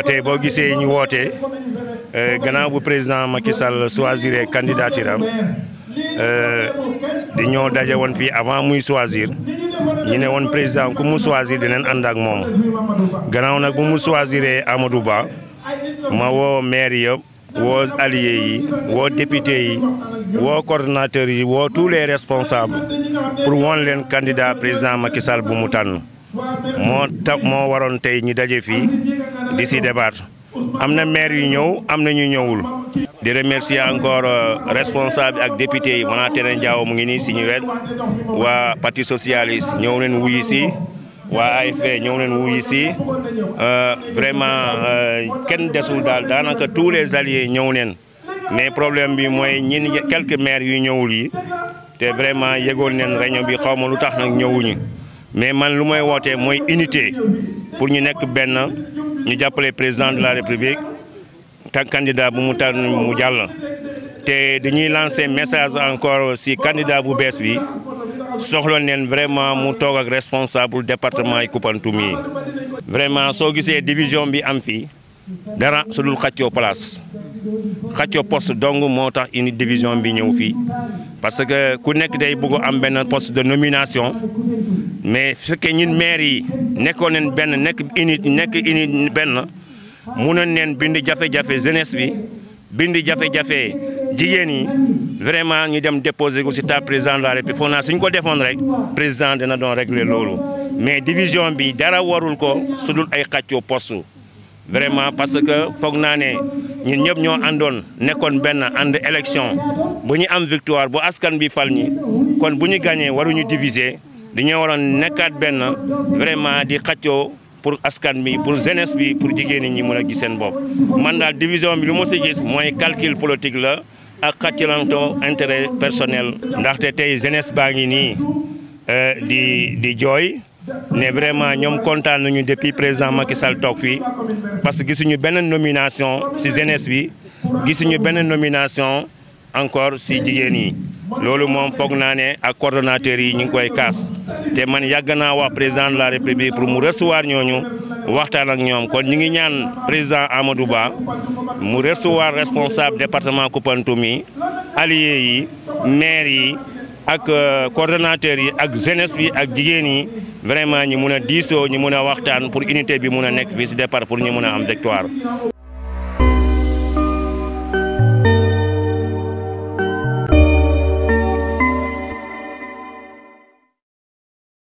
tey boo gisee ñu wootee euh, gannaaw bu président Macky Sall choisir candidature am euh, dañoo daje woon fii avant muy choisir ñu ne woon président ku mu choisir dinañ ànd ak moom gannaaw nag bu mu choisiree Amadou Ba ma woo maire yëpp woo alliés yi woo député yi woo coordonnateurs yi woo tous les responsables pour woon leen candidat président Macky Sall bu mu tànn moo tax moo ñu daje fii di si débattre am maire yi ñew amna ñu ñewul di remercier encore euh, responsable ak député yi maanaam téne Ndiaw mu ngi ni si ñu wet parti socialiste ñew leen wuyu si waa AFP ñëw leen wuyu si euh, vraiment euh, kenn desul dal danaka tous les alliés ñew leen. mais problème bi moy ñin quelques maires yi ñewul yi té vraiment yëgoon neen réunion bi xawma lutax nak ñewuñu mais man lu moy woté moy unité pour ñu nekk ben appelé le président de la république tant candidat bu mu tànn mu lancer te lancer message encore aussi candidat bu bees bi vraiment mu responsable du responsable département yi Koupantoum vraiment soo une division bi am fii dara su dul place xàccoo poste dong moo tax division bi parce que ku nek day bëgg am ben poste de nomination mais fekkee ñun maire yi nekkoon neen ben nek unité nek unité benn mënoon neen bind jafé jafé jeunesse bi bind jafé jafé jigéen yi vraiment ñu dem déposer ko si table président de la République foog suñ ko defoon rek président dina don régler lolu mais division bi dara warul ko sudul ay xàccoo poste vraiment parce que foog ñun ñëpp ñoo àndoon nekkoon benn ànd élection bu ñu am victoire bu askan bi fal ñi kon bu ñu gagné waruñu diviser dañoo waroon nekkaat benn vraiment di xaccoo pour askan bi pour jeunesse bi pour jigéen ñi mën a gis seen bopp. man daal division bi lu ma si gis mooy calcul politique la ak xàccalanto intérêt personnel. ndaxte tey jeunesse baa ngi nii euh, di di jooy. ne vraiment ñoom kontaan nuñu depuis président Macky Sall toog fi parce que gisuñu benn nomination ci jeunesse bi gisuñu benn nomination encore si jigéen yi loolu moom foog naa ne ak coordonnateurs yi ñu ngi koy kaas te man yàgg naa wax président la république pour mu recevoir ñooñu waxtaan ak ñoom kon ñu ngi ñaan président Amadou Ba mu recevoir responsable département Koupantoum yi alliés yi yi. ak euh, coordonnateur yi ak jeunesse yi ak jigéen yi vraiment ñi mun a diisoo ñi mun a waxtaan pour unité bi mun a nekk fii si départ pour ñu mun a am victoire